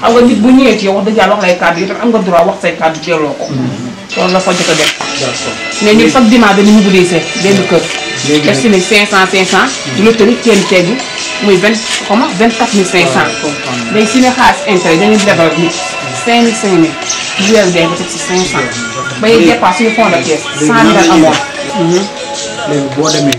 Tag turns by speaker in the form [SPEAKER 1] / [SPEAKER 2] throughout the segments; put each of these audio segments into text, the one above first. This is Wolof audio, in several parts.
[SPEAKER 1] xam am nga droit wax say kàddu teeloo ko. Mm-hmm. loolu la fa jot a def. mais ñun chaque dimanche dañu ñu budee seet benn kër. léegi nag def 500 500. du la tëri kenn teggi muy vingt xoma vingt quatre mille cinq cent. léegi ah, su ne cinq mille cinq mille. bu weer dee si cinq cent. ba yee dépasse suñu fond de caisse. cent mille amoon. Mm-hmm. boo demee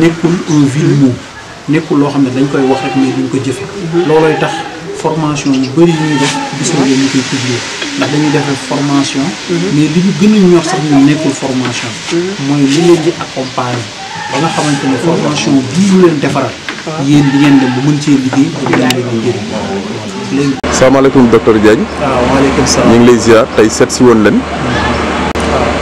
[SPEAKER 1] nekul un vil mot dañ koy wax rek mais duñ ko tax formation yu bari ñu def gis ñu ndax dañuy formation mhm. mais li ñu sax formation mhm. mooy li di accompagner ba nga formation bi ñu leen défaral ah. yeen di ngeen dem bu mën cee liggéey bu docteur Diagne ah, waaw salaam ñu ngi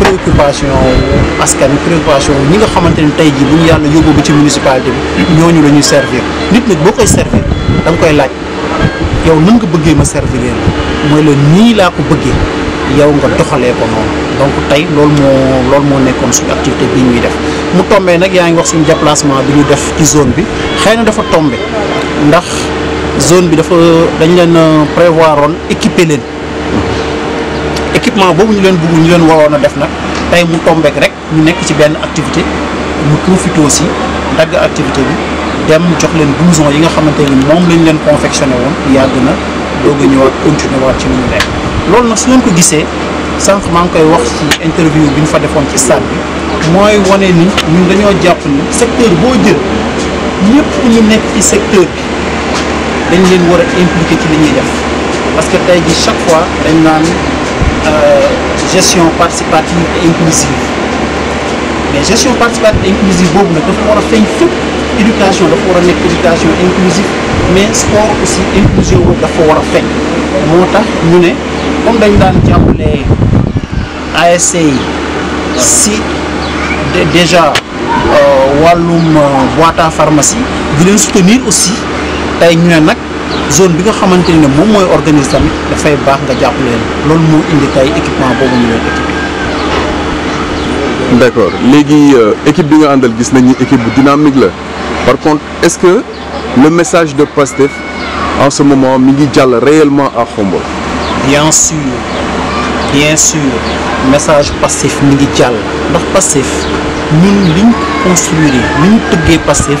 [SPEAKER 1] préoccupation askan wi préoccupation ñi nga xamante ni tey jii bu ñu yàlla yóbbu ba ci municipalité bi ñooñu la ñuy servir nit nag boo koy servir da koy laaj yow nan nga bëggee ma servir leen mooy la nii laa ko bëggee yow nga doxalee ko noonu donc tey loolu moo loolu moo nekkoon suñu activité bi ñuy def mu tombee nag yaa ngi wax suñu déplacement bi ñu def ci zone bi xëy na dafa tombe ndax zone bi dafa dañ leen prévoir oon équiper leen équipement boobu ñu leen bëgg ñu leen waroon a def nag tey mu tombeek rek ñu nekk ci benn activité ñu profité aussi dagg activité bi dem jox leen blouson yi nga xamante ni moom lañ leen confectionné woon yàgg na doog a ñëwaat continué waat ci lu loolu nag su ngeen ko gisee sànq maa ngi koy wax ci bi ñu fa defoon ci stade bi mooy wane ni ñun dañoo jàpp ni secteur boo jël ñëpp secteur bi dañ leen war a ci li ñuy def parce que tey ji chaque fois dañ naan. Euh, gestion participative et inclusive mais gestion participative et inclusive boobu il faut une fait éducation dafa war a une éducation inclusive mais sport aussi inclusion il faut faire a feeñ moo comme dans le jàppale si déjà euh, Walum euh, boîte à pharmacie voulez nous soutenir aussi nous ñu zone bi nga xamanteni ne moom mooy organise tamit dafay baax nga japp len loolu moo indi tay équipement bobu ñu leen équipé. D'accord. accord euh, équipe bi nga andal gis nañ ni équipe dynamique la par contre est ce que le message de Pastef en ce moment mi ngi réellement à Khombole. bien sûr bien sûr message Pastef mi ngi jàll ndax Pastef ñun liñ construire ñu tëggee Pastef.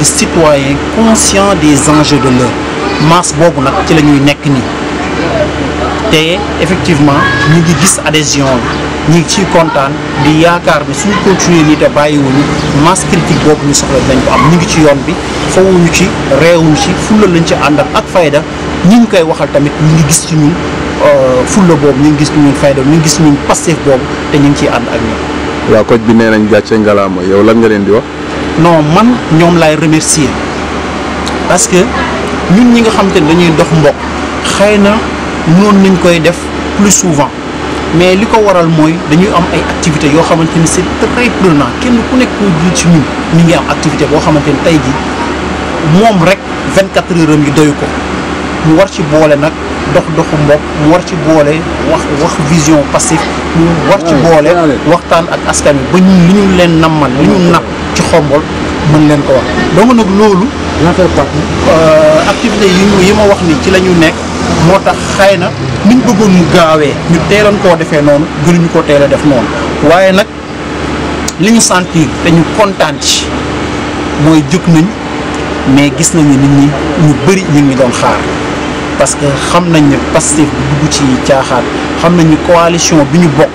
[SPEAKER 1] de citoyens conscients des enjeux de l'heure masse boobu nag ci la ñuy nekk nii effectivement ñu ngi gis adhésion bi ñu ngi ciy kontaan mais yaakaar ne suñu continuer nii te masse critique bobu ñu soxla dañ ko am ñi ngi ci yoon bi ñu ci réewuñu ci fulla lañ ci andal ak fayda ñi ngi koy waxal tamit ñi ngi gis ci ñun euh fulla bobu ñi ngi gis ci ñun fayda ñi ngi gis ci ñun passif bobu te ñi ngi ci and ak ñoom. wa koñ bi nee nañ gàcce ngalaama yow lan nga leen di wax non man remercier parce que nous ñi nga xam nous dañuy dox plus souvent mais ce qui waral de c'est am activités yo c'est très prenant kenn nous connaît les activités ci activité 24 heures mu war ci boole nag dox doxu mbokk mu war ci boole wax wax vision passif mu war ci boole waxtaan ak askan wi ba ñu li ñu leen nammal li ñu napp ci xombol mën leen ko wax donc nag loolu euh, activité yi ñu yi ma wax ni ci la ñu nekk moo tax xay na niñ bëggoon mu gaawee ñu teeloon koo defee noonu gënuñu ko teel a def noonu waaye nag li ñu sentir te ñu kontaan ci mooy jóg nañ mais gis nañu nit ñi ñu bëri ñu ngi doon xaar parce que xam nañ ne Pastef bi dugg ci caaxaan xam nañ ne coalition bi ñu bokk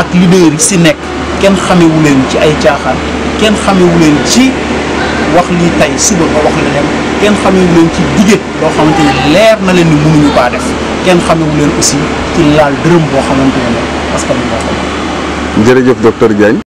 [SPEAKER 1] ak leader yi si nekk kenn xamewu leen ci ay caaxaan kenn xamewu leen ci wax lii tey suba nga wax leneen kenn xamewu leen ci digét loo xamante ni leer na leen ni mënuñu baa def kenn xamewu leen aussi ci laal dërëm boo xamante ne parce que li nga xam. jërëjëf docteur Diagne.